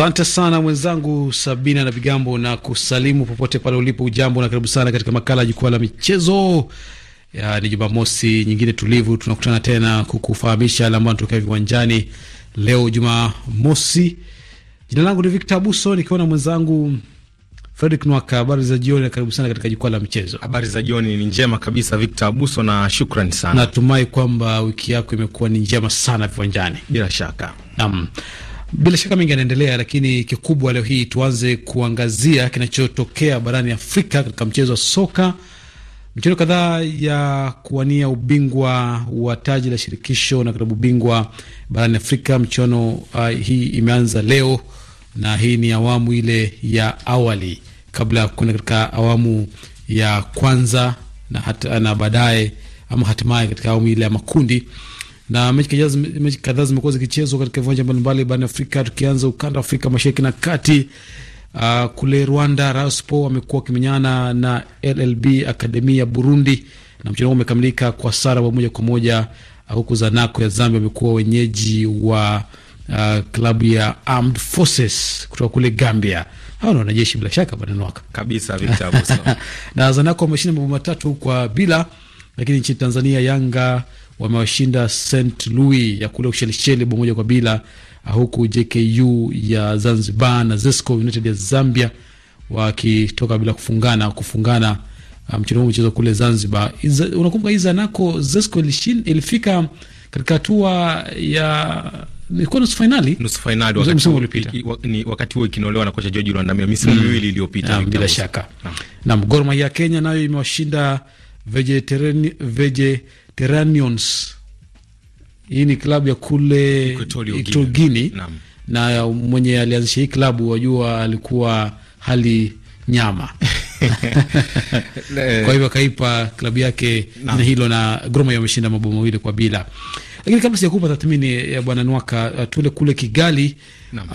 Asante sana mwenzangu Sabina na Vigambo, na kusalimu popote pale ulipo. Ujambo na karibu sana katika makala ya jukwaa la michezo. Ya, Ni Jumamosi nyingine tulivu, tunakutana tena kukufahamisha yale ambayo anatokea viwanjani leo Jumamosi. Jina langu ni Victor Abuso nikiwa na mwenzangu Fredrick Nwaka. Habari za jioni na karibu sana katika jukwaa la michezo. Habari za jioni ni njema kabisa, Victor Abuso, na shukrani sana. Natumai kwamba wiki yako imekuwa ni njema sana viwanjani. Bila shaka, naam. Bila shaka mengi yanaendelea, lakini kikubwa leo hii tuanze kuangazia kinachotokea barani Afrika katika mchezo wa soka. Michezo kadhaa ya kuwania ubingwa wa taji la shirikisho na klabu bingwa barani Afrika, michuano uh, hii imeanza leo na hii ni awamu ile ya awali kabla ya kuenda katika awamu ya kwanza na, na baadaye ama hatimaye katika awamu ile ya makundi na mechi kadhaa mechi kadhaa zimekuwa zikichezwa katika viwanja mbalimbali barani Afrika, tukianza ukanda wa Afrika mashariki na kati. Uh, kule Rwanda Raspo wamekuwa kimenyana na LLB Akademi ya Burundi na mchezo umekamilika kwa sara wa moja kwa moja, ah, huku Zanaco ya Zambia wamekuwa wenyeji wa uh, klabu ya Armed Forces kutoka kule Gambia. Hawa ni wanajeshi bila shaka, bwana Nwaka. kabisa Victor Abuso na Zanaco wameshinda mabao matatu kwa bila lakini nchini Tanzania, Yanga wamewashinda St Louis ya kule Ushelisheli bao moja kwa bila, ah, huku JKU ya Zanzibar na Zesco United ya Zambia wakitoka bila kufungana kufungana ah, mchezo um, mchezo kule Zanzibar. Unakumbuka hii Zanaco Zesco ilifika katika hatua ya ilikuwa nusu fainali, nusu fainali wakati huo wakati huo ikinolewa na kocha George Lwandamia misimu mm. miwili iliyopita, bila shaka. Naam, Gor Mahia ya Kenya nayo imewashinda Vegetarians. Hii ni klabu ya kule Equatorial na mwenye alianzisha hii klabu wajua alikuwa hali nyama kwa hivyo akaipa klabu yake na hilo, na Gor Mahia mabao mawili kwa bila. Lakini kabla sijakupa tathmini ya bwana Nwaka, uh, tuende kule Kigali. Uh,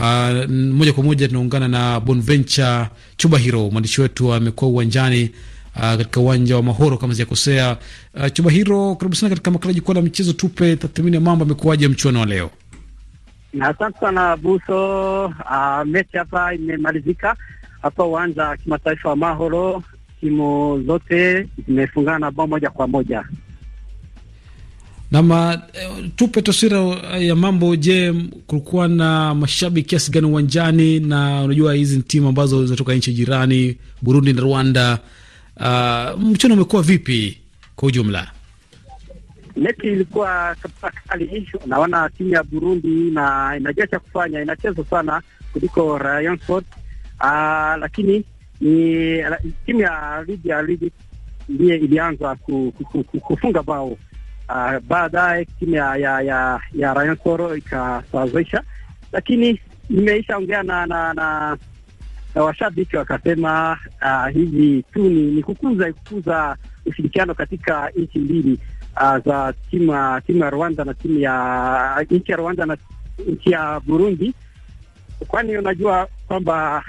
moja kwa moja tunaungana na Bonventure Chubahiro, mwandishi wetu amekuwa uwanjani uh, katika uwanja wa Mahoro kama zijakosea. Uh, ah, chumba hilo, karibu sana katika makala jukwaa la michezo, tupe tathmini ya mambo amekuwaje mchuano wa leo. Na asante sana Buso. Uh, mechi hapa imemalizika hapa uwanja wa kimataifa wa Mahoro, timu zote zimefungana na bao moja kwa moja. Nama, tupe taswira ya mambo. Je, kulikuwa na mashabiki kiasi gani uwanjani? Na unajua hizi timu ambazo zinatoka nchi jirani Burundi na Rwanda Uh, umekuwa vipi kwa ujumla? Mechi ilikuwa kabisa kali. Naona timu ya Burundi na inajua cha kufanya, inacheza sana kuliko Rayon Sport. uh, lakini ni timu ya ligi ya ligi ndiye ilianza ku, ku, ku, ku, kufunga bao uh, baadaye timu ya ya, ya, ya Rayon Sport ikasawazisha, lakini nimeisha ongea na na, na na washabiki wakasema uh, hivi tu ni kukuza kukuza ushirikiano katika nchi mbili uh, za timu ya Rwanda na timu ya nchi ya Rwanda na nchi ya Burundi, kwani unajua kwamba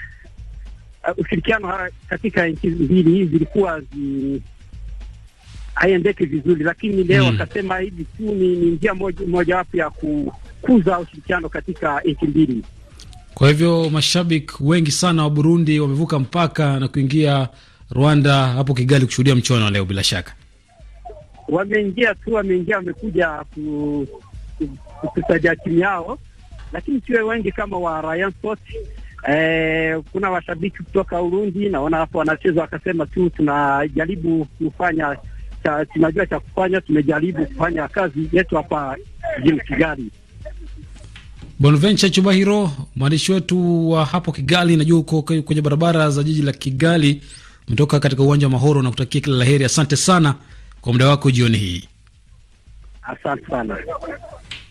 uh, ushirikiano katika nchi mbili zilikuwa zi haiendeki vizuri, lakini leo hmm. wakasema hmm, hivi tu ni njia mojawapo moja ya kukuza ushirikiano katika nchi mbili. Kwa hivyo mashabiki wengi sana wa Burundi wamevuka mpaka na kuingia Rwanda hapo Kigali kushuhudia mchuano wa leo. Bila shaka wameingia tu, wameingia wamekuja kukusajia timu yao, lakini siwe wengi kama wa Rayon Sports. Eh, kuna washabiki kutoka Urundi naona hapo wanacheza, wakasema tu tunajaribu kufanya cha, tunajua cha kufanya, tumejaribu kufanya kazi yetu hapa jini Kigali. Bonventure Chubahiro, mwandishi wetu wa hapo Kigali. Najua uko kwenye barabara za jiji la Kigali, umetoka katika uwanja wa Mahoro na kutakia kila laheri. Asante sana kwa muda wako jioni hii. Asante sana.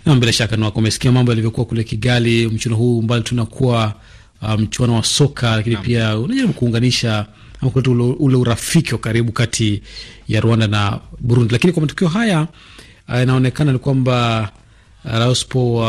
Na bila shaka nwako umesikia mambo yalivyokuwa kule Kigali, mchuano huu mbali tunakuwa uh, mchuano um, wa soka lakini pia unajaribu kuunganisha ama kuleta ule, ule urafiki wa karibu kati ya Rwanda na Burundi, lakini kwa matukio haya yanaonekana uh, ni kwamba Rauspo uh,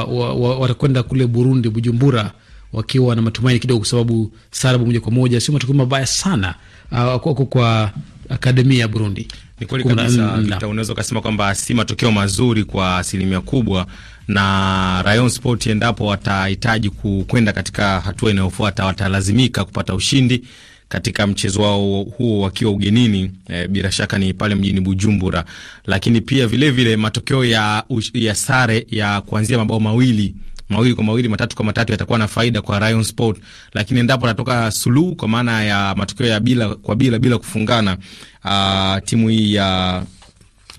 watakwenda wa, wa, kule Burundi, Bujumbura, wakiwa na matumaini kidogo, kwa sababu sarabu moja kwa moja sio matokeo mabaya sana uh, kwa, kwa akademia ya Burundi. Ni kweli kabisa mm, unaweza ukasema kwamba si matokeo mazuri kwa asilimia kubwa, na Rayon Sport endapo watahitaji kwenda katika hatua inayofuata watalazimika kupata ushindi katika mchezo wao huo wakiwa ugenini e, bila shaka ni pale mjini Bujumbura, lakini pia vilevile vile matokeo ya, ya sare ya kuanzia mabao mawili mawili kwa mawili matatu kwa matatu yatakuwa na faida kwa Rayon Sport, lakini endapo atatoka suluhu kwa maana ya matokeo ya bila kwa bila bila kufungana, uh, timu hii ya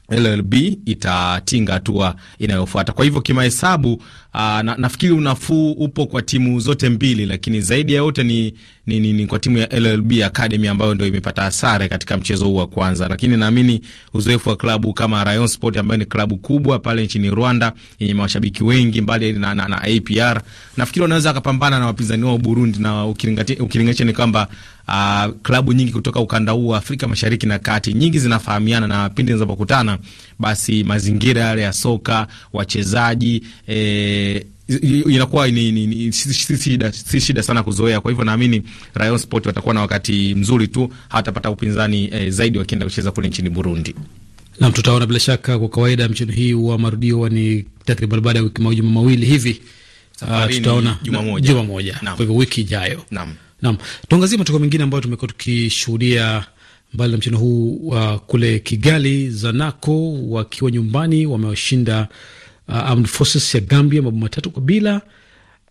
LLB itatinga hatua inayofuata. Kwa hivyo kimahesabu, ah, na, nafikiri unafuu upo kwa timu zote mbili, lakini zaidi ya yote ni, ni, ni, ni kwa timu ya LLB Academy ambayo ndio imepata sare katika mchezo huu wa kwanza, lakini naamini uzoefu wa klabu kama Rayon Sport ambayo ni klabu kubwa pale nchini Rwanda yenye mashabiki wengi mbali na, na, na APR, nafikiri wanaweza akapambana na wapinzani wao Burundi, na ukilinganisha ni kwamba uh, klabu nyingi kutoka ukanda huu wa Afrika Mashariki na Kati nyingi zinafahamiana, na pindi zinapokutana basi mazingira yale ya soka, wachezaji eh, inakuwa ni, ni, ni, si, si, si, si shida sana kuzoea. Kwa hivyo naamini Rayon Sport watakuwa na wakati mzuri tu, hawatapata upinzani eh, zaidi wakienda kucheza kule nchini Burundi. Nam, tutaona bila shaka. Kwa kawaida mchezo hii wa marudio ni takriban baada ya wiki majuma mawili hivi. Uh, tutaona juma moja, kwa hivyo wiki ijayo. Naam. Naam, tuangazie matokeo mengine ambayo tumekuwa tukishuhudia mbali na mchezo huu uh, kule Kigali, Zanaco wakiwa nyumbani wamewashinda uh, Armed Forces ya Gambia mabao matatu kwa bila.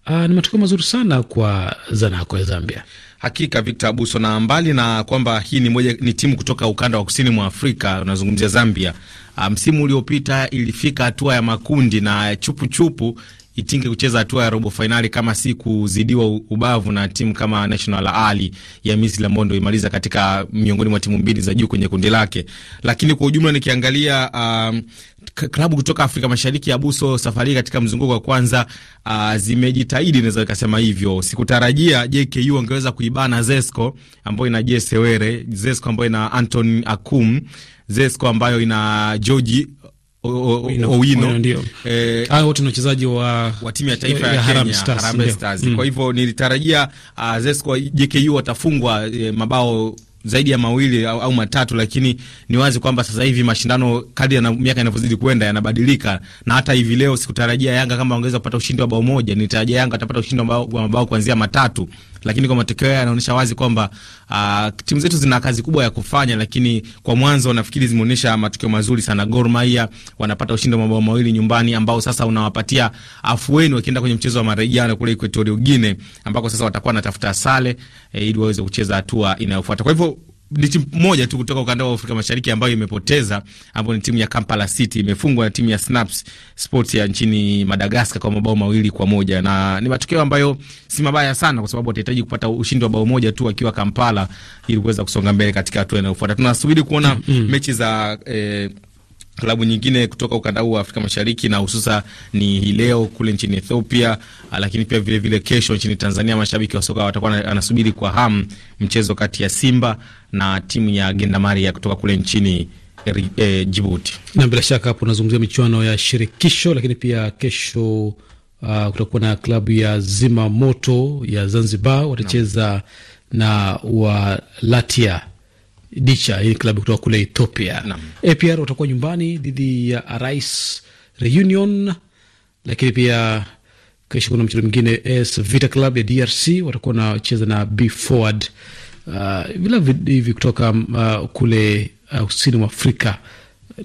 Uh, ni matokeo mazuri sana kwa Zanaco ya Zambia. Hakika Victor Abuso, na mbali na kwamba hii ni moja ni timu kutoka ukanda wa kusini mwa Afrika, unazungumzia Zambia. Uh, msimu um, uliopita ilifika hatua ya makundi na chupuchupu itinge kucheza hatua ya robo fainali kama si kuzidiwa ubavu na timu kama National Ali ya Misri ambayo ndo imaliza katika miongoni mwa timu mbili za juu kwenye kundi lake. Lakini kwa ujumla nikiangalia um, klabu kutoka Afrika Mashariki ya Buso safari katika mzunguko wa kwanza uh, zimejitahidi naweza nikasema hivyo. Sikutarajia JKU angeweza kuibana Zesco ambayo ina Jesse Were, Zesco ambayo ina Anton Akum, Zesco ambayo ina George Owino eh, wote ni wachezaji wa wa timu ya taifa ya Stars, Stars. Mm. Kwa hivyo nilitarajia uh, Zesco JKU watafungwa eh, mabao zaidi ya mawili au, au matatu, lakini ni wazi kwamba sasa hivi mashindano kadri ya miaka inavyozidi kwenda yanabadilika, na hata hivi leo sikutarajia Yanga kama wangeweza kupata ushindi wa bao moja. Nilitarajia Yanga atapata ushindi wa mabao kuanzia matatu lakini kwa matokeo haya yanaonyesha wazi kwamba uh, timu zetu zina kazi kubwa ya kufanya, lakini kwa mwanzo nafikiri zimeonyesha matokeo mazuri sana. Gor Mahia wanapata ushindi wa mabao mawili nyumbani ambao sasa unawapatia afueni wakienda kwenye mchezo wa marejano kule Equatorial Guinea ambako sasa watakuwa natafuta sale eh, ili waweze kucheza hatua inayofuata. Kwa hivyo ni timu moja tu kutoka ukanda wa Afrika Mashariki ambayo imepoteza ambapo ni timu ya Kampala City imefungwa na timu ya Snaps Sports ya nchini Madagascar kwa mabao mawili kwa moja, na ni matokeo ambayo si mabaya sana, kwa sababu watahitaji kupata ushindi wa bao moja tu wakiwa Kampala ili kuweza kusonga mbele katika hatua inayofuata. Tunasubiri kuona mm -hmm. mechi za eh, klabu nyingine kutoka ukanda huu wa Afrika Mashariki na hususa ni hii leo kule nchini Ethiopia, lakini pia vilevile vile kesho nchini Tanzania. Mashabiki wa soka watakuwa anasubiri kwa hamu mchezo kati ya Simba na timu ya Gendamaria kutoka kule nchini E, eh, eh, Jibuti. Na bila shaka hapo unazungumzia michuano ya shirikisho, lakini pia kesho uh, kutakuwa na klabu ya Zima Moto ya Zanzibar watacheza na, na wa Latia Dicha, hii klabu kutoka kule Ethiopia. APR watakuwa nyumbani dhidi ya Arais Reunion, lakini pia kesho kuna mchezo mwingine AS Vita Club ya DRC watakuwa wanacheza na B Forward Uh, vila hivi kutoka uh, kule uh, kusini mwa Afrika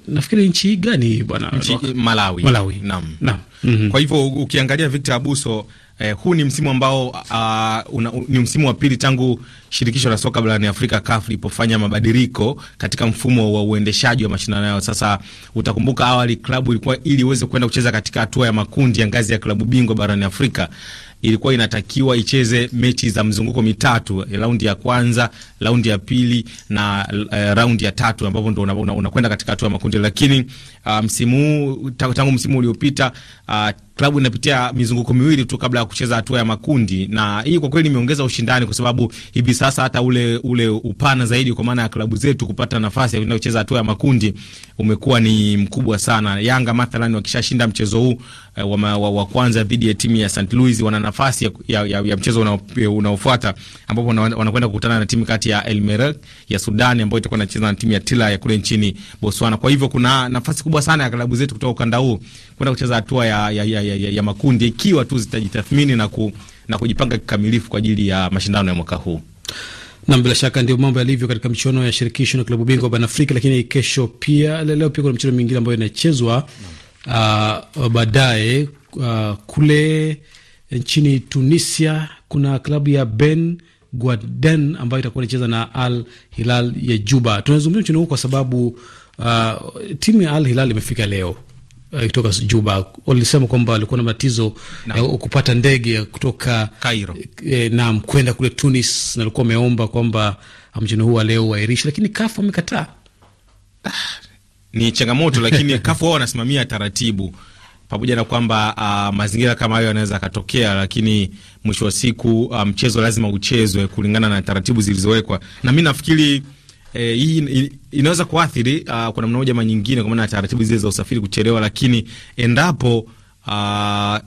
nafikiri nchi gani bwana Malawi, Malawi. Naam. Naam. Mm -hmm. Kwa hivyo ukiangalia Victor Abuso eh, huu ni msimu ambao uh, una, ni msimu wa pili tangu shirikisho la soka barani Afrika CAF lipofanya mabadiliko katika mfumo wa uendeshaji wa mashindano yao. Sasa utakumbuka awali klabu ilikuwa ili iweze kwenda kucheza katika hatua ya makundi ya ngazi ya klabu bingwa barani Afrika ilikuwa inatakiwa icheze mechi za mzunguko mitatu, eh, raundi ya kwanza, raundi ya pili na uh, raundi ya tatu, ambapo ndo unakwenda una, una katika hatua ya makundi. Lakini uh, msimu huu tangu msimu uliopita uh, klabu inapitia mizunguko miwili tu kabla ya kucheza hatua ya makundi, na hii kwa kweli imeongeza ushindani, kwa sababu hivi sasa hata ule ule upana zaidi kwa maana ya klabu zetu kupata nafasi ya kwenda kucheza hatua ya makundi umekuwa ni mkubwa sana. Yanga mathalani wakishashinda mchezo huu uh, wa, wa, wa kwanza dhidi ya timu ya St Louis wana nafasi ya, ya, ya, ya mchezo unaofuata ambapo wanakwenda kukutana na timu kati ya El Merreikh ya Sudan ambayo itakuwa inacheza na timu ya Tila ya kule nchini Botswana. Kwa hivyo kuna nafasi kubwa sana ya klabu zetu kutoka ukanda huu kwenda kucheza hatua ya, ya, ya, ya, ya makundi ikiwa tu zitajitathmini na, ku, na kujipanga kikamilifu kwa ajili ya mashindano ya mwaka huu. Na bila shaka ndio mambo yalivyo katika michuano ya shirikisho na klabu bingwa barani Afrika, lakini kesho pia leo pia kuna michuano mingine ambayo inachezwa no uh, baadaye uh, kule nchini Tunisia kuna klabu ya Ben Guaden ambayo itakuwa inacheza na Al Hilal ya Juba. Tunazungumzia mchezo huu kwa sababu uh, timu ya Al Hilal imefika leo kutoka Juba. Walisema kwamba walikuwa na matatizo ya kupata ndege kutoka Cairo eh, naam, kwenda kule Tunis, na walikuwa wameomba kwamba mchezo huu wa leo uairishwe, lakini kafu amekataa ni changamoto, lakini kafu wao wanasimamia taratibu pamoja na kwamba uh, mazingira kama hayo yanaweza akatokea, lakini mwisho wa siku ah, mchezo lazima uchezwe kulingana na taratibu zilizowekwa, na mi nafikiri eh, hii inaweza kuathiri uh, ah, kwa namna moja ama nyingine, kwa maana taratibu zile za usafiri kuchelewa, lakini endapo Uh,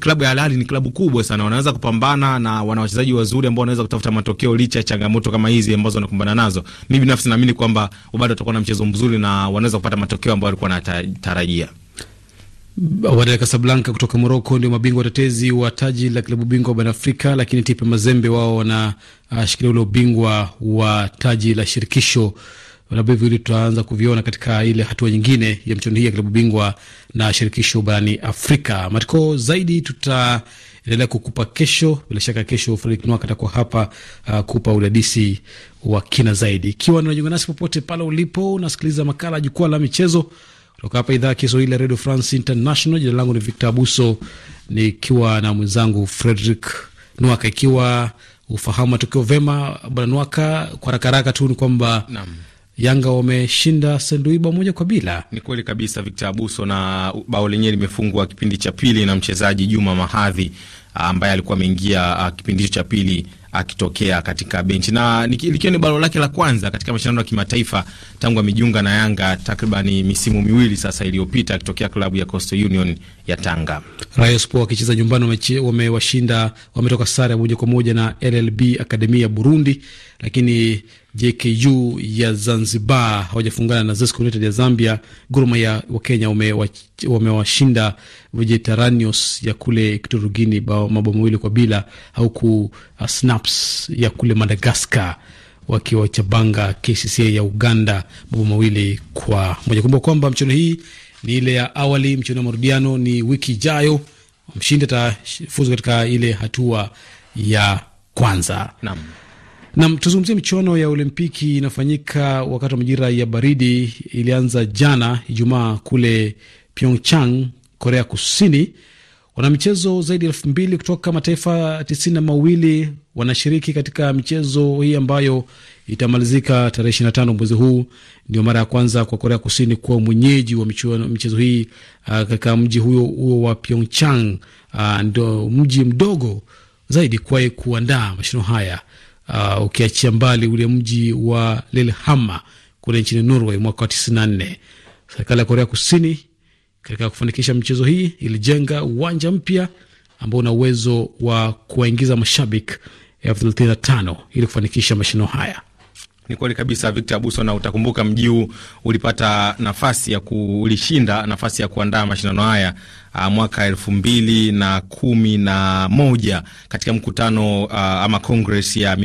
klabu ya Al Ahly ni klabu kubwa sana, wanaweza kupambana na wana wachezaji wazuri ambao wanaweza kutafuta matokeo licha ya changamoto kama hizi ambazo wanakumbana nazo. Mimi binafsi naamini kwamba bado watakuwa na mchezo mzuri na wanaweza kupata matokeo ambayo walikuwa wanatarajia. Wydad Casablanca kutoka Morocco ndio mabingwa watetezi wa taji la klabu bingwa barani Afrika, lakini TP Mazembe wao wanashikilia ah, uh, ule ubingwa wa taji la shirikisho labda hivyo hili tutaanza kuviona katika ile hatua nyingine ya michuano hii ya klabu bingwa na shirikisho barani Afrika. Matokeo zaidi tutaendelea kukupa kesho, bila shaka kesho Fredrik Nwak atakuwa hapa uh, kupa udadisi wa kina zaidi. Ikiwa unajiunga nasi popote pale ulipo, unasikiliza makala Jukwaa la Michezo kutoka hapa idhaa ya Kiswahili ya Radio France International. Jina langu ni Victor Abuso nikiwa na mwenzangu Fredrik Nwak. Ikiwa ufahamu matokeo vema, bwana Nwaka, kwa haraka haraka tu ni kwamba Yanga wameshinda Sendui bao moja kwa bila. Ni kweli kabisa, Victor Abuso, na bao lenyewe limefungwa kipindi cha pili na mchezaji Juma Mahadhi ah, ambaye alikuwa ameingia ah, kipindi hicho cha pili akitokea katika benchi na likiwa ni bao lake la kwanza katika mashindano ya kimataifa tangu amejiunga na Yanga takriban misimu miwili sasa iliyopita, akitokea klabu ya Coastal Union ya Tanga. Rayon Sports wakicheza nyumbani wamewashinda, wametoka sare ya moja kwa moja na LLB Akademi ya Burundi, lakini JKU ya Zanzibar hawajafungana na Zesco United ya Zambia. Gor Mahia wa Kenya wamewashinda Vegetarianos ya kule Kiturugini mabao mawili kwa bila, huku uh, Snaps ya kule madagascar wakiwachabanga KCCA ya Uganda mabao mawili kwa moja. Kumbuka kwamba mchezo hii ni ile ya awali, mchezo wa marudiano ni wiki ijayo. Mshindi atafuzu katika ile hatua ya kwanza Naam. Nam, tuzungumzie michuano ya Olimpiki inafanyika wakati wa majira ya baridi. Ilianza jana Ijumaa kule Pyeongchang, Korea Kusini. Wanamichezo zaidi ya elfu mbili kutoka mataifa tisini na mawili wanashiriki katika michezo hii ambayo itamalizika tarehe ishirini na tano mwezi huu. Ndio mara ya kwanza kwa Korea Kusini kuwa mwenyeji wa michezo hii uh, katika mji huo huo wa Pyeongchang. Uh, ndio mji mdogo zaidi kuwahi kuandaa mashindano haya uh, ukiachia mbali ule mji wa Lillehammer kule nchini Norway mwaka wa 94. Serikali ya Korea Kusini katika kufanikisha mchezo hii ilijenga uwanja mpya ambao una uwezo wa kuwaingiza mashabiki elfu thelathini na tano ili kufanikisha mashindano haya. Ni kweli kabisa Victor Abuso, na utakumbuka mji huu ulipata nafasi ya ulishinda nafasi ya kuandaa mashindano haya ah, mwaka elfu mbili na kumi na moja katika mkutano uh, ama kongres ya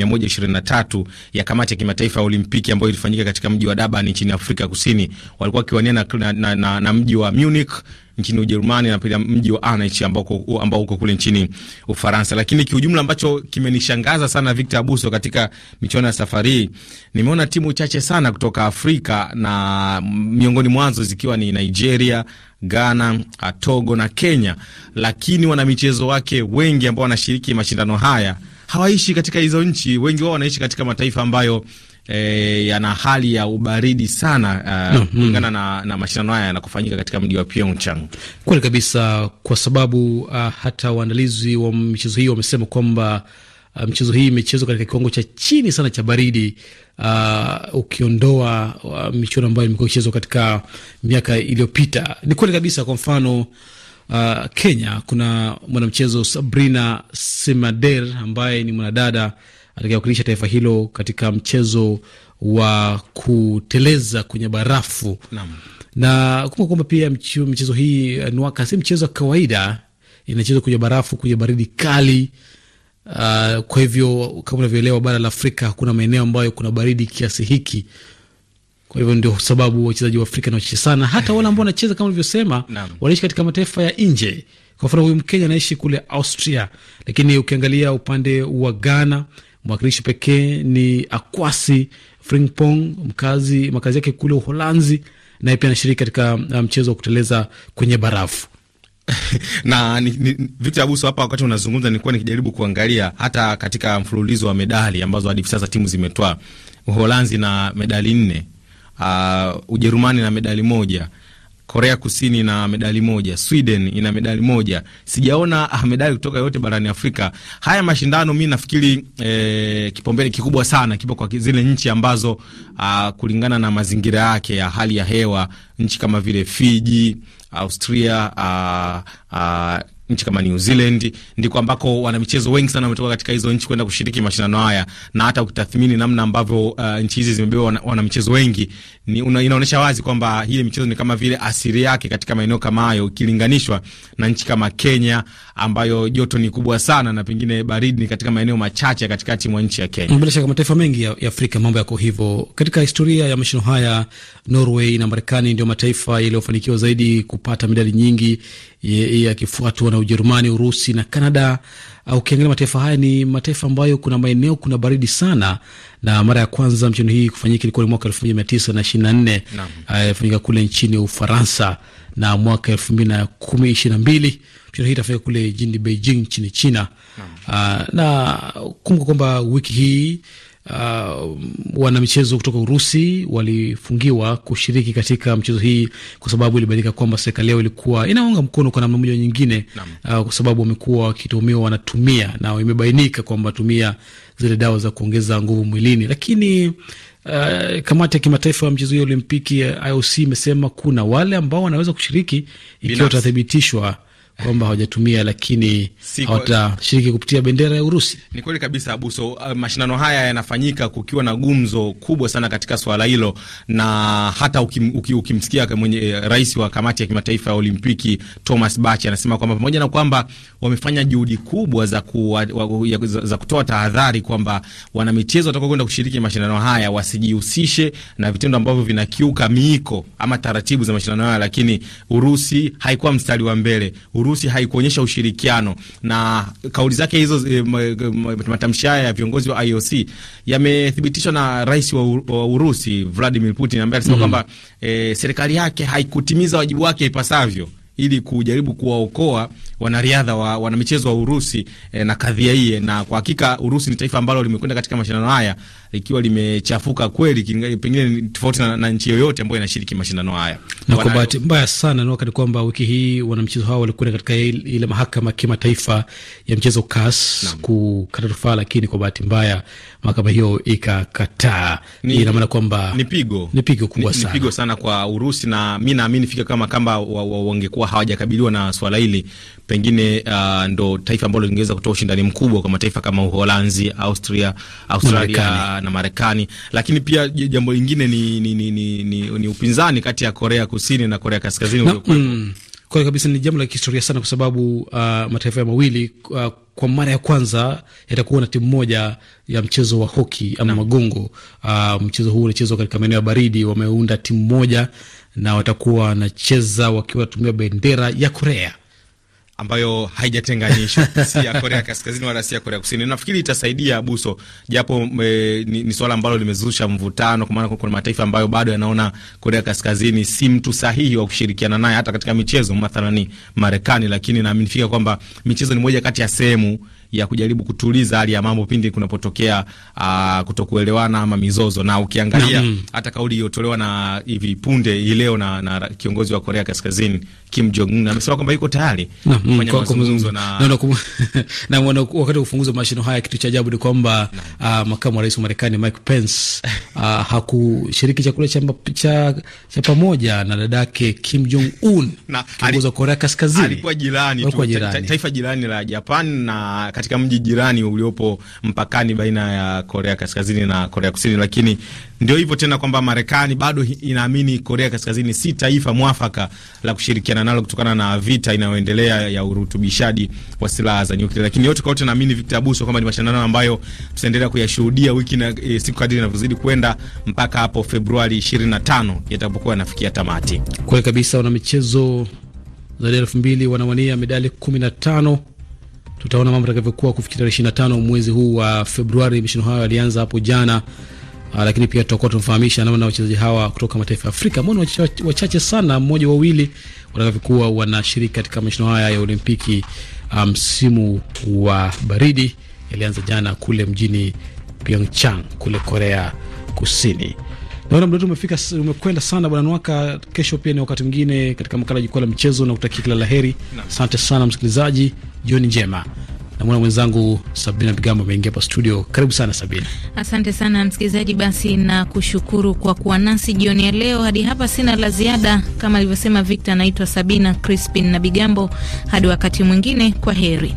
tatu ya kamati ya kimataifa ya Olimpiki ambayo ilifanyika katika mji wa Durban nchini Afrika Kusini. Walikuwa wakiwania na, na, na, na mji wa Munich nchini Ujerumani na pia mji wa Anich ambao ambao uko kule nchini Ufaransa. Lakini kiujumla, ambacho kimenishangaza sana Victor Abuso, katika michuano ya safari nimeona timu chache sana kutoka Afrika na miongoni mwanzo zikiwa ni Nigeria, Ghana, Togo na Kenya, lakini wanamichezo wake wengi ambao wanashiriki mashindano haya hawaishi katika hizo nchi. Wengi wao wanaishi katika mataifa ambayo e, yana hali ya ubaridi sana eh, mm. kulingana uh, no, mm. na, na mashindano haya yanakofanyika katika mji wa Pyeongchang. Kweli kabisa, kwa sababu uh, hata waandalizi wa michezo hii wamesema kwamba uh, michezo hii imechezwa katika kiwango cha chini sana cha baridi uh, ukiondoa uh, michuano ambayo imekuwa ikichezwa katika miaka iliyopita. Ni kweli kabisa, kwa mfano Uh, Kenya kuna mwanamchezo Sabrina Simader ambaye ni mwanadada atakayewakilisha taifa hilo katika mchezo wa kuteleza kwenye barafu Naam. na kumbuka kwamba pia michezo hii eh, nwaka si mchezo wa kawaida, inachezwa kwenye barafu, kwenye baridi kali. Uh, kwa hivyo kama unavyoelewa, bara la Afrika hakuna maeneo ambayo kuna baridi kiasi hiki. Kwa hivyo ndio sababu wachezaji wa Afrika nawachache sana, hata wale ambao wanacheza kama ulivyosema, wanaishi katika mataifa ya nje. Kwa mfano, huyu Mkenya anaishi kule Austria, lakini ukiangalia upande wa Ghana Mwakilishi pekee ni Akwasi Frimpong, mkazi makazi yake kule Uholanzi, naye pia anashiriki katika uh, mchezo wa kuteleza kwenye barafu. na ni, ni, Victor Abuso, hapa wakati unazungumza nilikuwa nikijaribu kuangalia hata katika mfululizo wa medali ambazo hadi sasa timu zimetoa Uholanzi na medali nne, uh, Ujerumani na medali moja Korea Kusini ina medali moja, Sweden ina medali moja. Sijaona medali kutoka yote barani Afrika. Haya mashindano mi nafikiri e, kipaumbele kikubwa sana kipo kwa zile nchi ambazo a, ah, kulingana na mazingira yake ya hali ya hewa, nchi kama vile Fiji, Austria a, ah, a, ah, nchi kama New Zealand ndiko ambako wanamichezo wengi sana wametoka katika hizo nchi kwenda kushiriki mashindano haya, na hata ukitathmini namna ambavyo uh, nchi hizi zimebeba wanamichezo wengi ni una, inaonyesha wazi kwamba hili michezo ni kama vile asili yake katika maeneo kama hayo ikilinganishwa na nchi kama Kenya ambayo joto ni kubwa sana na pengine baridi ni katika maeneo machache katikati mwa nchi ya Kenya. Bila shaka mataifa mengi ya, ya Afrika mambo yako hivyo. Katika historia ya mashindano haya, Norway na Marekani ndio mataifa yaliyofanikiwa zaidi kupata medali nyingi, yakifuatwa na Ujerumani, Urusi na Kanada. Ukiangalia mataifa haya ni mataifa ambayo kuna maeneo kuna baridi sana, na mara ya kwanza mchezo hii kufanyika ilikuwa ni mwaka nne ah, ilifanyika kule nchini Ufaransa, na mwaka na kumi mbili mchezo hii itafanyika kule jijini Beijing nchini China. Ah, na kumbuka kwamba wiki hii uh, wanamichezo kutoka Urusi walifungiwa kushiriki katika mchezo hii kwa sababu ilibainika kwamba serikali yao ilikuwa inaunga mkono kwa namna moja nyingine, uh, kwa sababu wamekuwa wakituhumiwa wanatumia na imebainika kwamba wanatumia zile dawa za kuongeza nguvu mwilini, lakini Uh, kamati ya kimataifa ya hii ya Olimpiki IOC imesema kuna wale ambao wanaweza kushiriki ikiwa itathibitishwa kwamba hawajatumia lakini hawatashiriki kupitia bendera ya Urusi. Ni kweli kabisa, Abuso. Uh, mashindano haya yanafanyika kukiwa na gumzo kubwa sana katika swala hilo, na hata ukim, ukim, ukimsikia mwenye eh, rais wa kamati ya kimataifa ya Olimpiki Thomas Bach anasema kwamba pamoja na kwamba wamefanya juhudi kubwa za, ku, wa, wa, ya, za, za kutoa tahadhari kwamba wanamichezo watakaokwenda kushiriki mashindano haya wasijihusishe na vitendo ambavyo vinakiuka miiko ama taratibu za mashindano haya, lakini Urusi haikuwa mstari wa mbele Urusi Urusi haikuonyesha ushirikiano, na kauli zake hizo, eh, matamshi haya ya viongozi wa IOC yamethibitishwa na rais wa Urusi Vladimir Putin ambaye alisema mm -hmm. kwamba e, serikali yake haikutimiza wajibu wake ipasavyo ili kujaribu kuwaokoa wanariadha wa wanamichezo wa Urusi eh, na kadhia hii. Na kwa hakika Urusi ni taifa ambalo limekwenda katika mashindano haya ikiwa limechafuka kweli, pengine tofauti na, na nchi yoyote ambayo inashiriki mashindano haya. Na kwa bahati mbaya sana ni wakati kwamba wiki hii wanamchezo hao walikwenda katika ile mahakama kimataifa ya mchezo CAS kukata rufaa, lakini kwa bahati mbaya mahakama hiyo ikakataa. Ina maana kwamba ni pigo, ni pigo kubwa sana, ni pigo sana kwa Urusi, na mi naamini fika kama kama wangekuwa hawajakabiliwa na swala hili pengine uh, ndo taifa ambalo lingeweza kutoa ushindani mkubwa kwa mataifa kama Uholanzi, Austria, Australia na Marekani. Lakini pia jambo lingine ni, ni, ni, ni, ni, ni upinzani kati ya Korea Kusini na Korea Kaskazini mm, kwa kabisa. Ni jambo la kihistoria sana, kwa sababu uh, mataifa ya mawili uh, kwa mara ya kwanza yatakuwa na timu moja ya mchezo wa hoki ama magongo. Uh, mchezo huu unachezwa katika maeneo ya baridi. Wameunda timu moja na watakuwa wanacheza wakiwa wanatumia bendera ya Korea ambayo haijatenganishwa si ya Korea Kaskazini wala si ya Korea Kusini. Nafikiri itasaidia Abuso, japo e, ni, ni swala ambalo limezusha mvutano, kwa maana kuna mataifa ambayo bado yanaona Korea Kaskazini si mtu sahihi wa kushirikiana naye hata katika michezo, mathalani Marekani. Lakini naamini fika kwamba michezo ni moja kati ya sehemu ya kujaribu kutuliza hali ya mambo pindi kunapotokea uh, kutokuelewana ama mizozo. Na ukiangalia mm, hata kauli iliyotolewa na hivi punde hii leo na, na kiongozi wa Korea Kaskazini Kim Jong Un amesema kwamba yuko tayari kufanya mazungumzo na na, na wana, wakati wa kufunguza mashindano haya, kitu cha ajabu ni kwamba uh, makamu wa rais wa Marekani Mike Pence uh, hakushiriki chakula cha, cha, cha pamoja na dadake Kim Jong Un, kiongozi wa Korea Kaskazini. Alikuwa jirani tu, taifa jirani la Japan na katika mji jirani uliopo mpakani baina ya Korea Kaskazini na Korea Kusini. Lakini ndio hivyo tena kwamba Marekani bado inaamini Korea Kaskazini si taifa mwafaka la kushirikiana nalo kutokana na vita inayoendelea ya urutubishaji wa silaha za nyuklia. Lakini yote kwa yote, naamini Victor Abuso kwamba ni mashindano ambayo tutaendelea kuyashuhudia wiki na e, siku kadri inavyozidi kwenda mpaka hapo Februari 25 yatakapokuwa yanafikia tamati. Kweli kabisa, wana michezo zaidi ya elfu mbili wanawania medali 15 Tutaona mambo yatakavyokuwa kufikia tarehe 25 mwezi huu wa Februari. Mashindano hayo yalianza hapo jana. Uh, lakini pia tutakuwa tunafahamisha namna wachezaji hawa kutoka mataifa ya Afrika ambao ni wachache sana, mmoja wawili, watakavyokuwa wanashiriki katika mashindano haya ya Olimpiki ah, msimu um, wa baridi yalianza jana kule mjini Pyeongchang kule Korea Kusini. Naona mdoto umefika, umekwenda sana bwana Nwaka. Kesho pia ni wakati mwingine katika makala jukwaa la michezo, na kutakia kila la heri. Asante sana msikilizaji, jioni njema. Namwona mwenzangu Sabina Bigambo ameingia hapa studio. Karibu sana Sabina. Asante sana msikilizaji, basi na kushukuru kwa kuwa nasi jioni ya leo. Hadi hapa sina la ziada, kama alivyosema Victor. Anaitwa Sabina Crispin na Bigambo. Hadi wakati mwingine, kwa heri.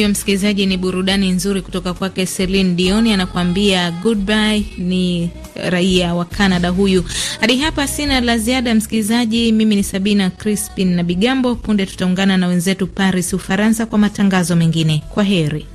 hiyo msikilizaji, ni burudani nzuri kutoka kwake Celine Dion, anakuambia goodbye. Ni raia wa Canada huyu. Hadi hapa sina la ziada, msikilizaji. Mimi ni Sabina Crispin na Bigambo. Punde tutaungana na wenzetu Paris, Ufaransa, kwa matangazo mengine. Kwa heri.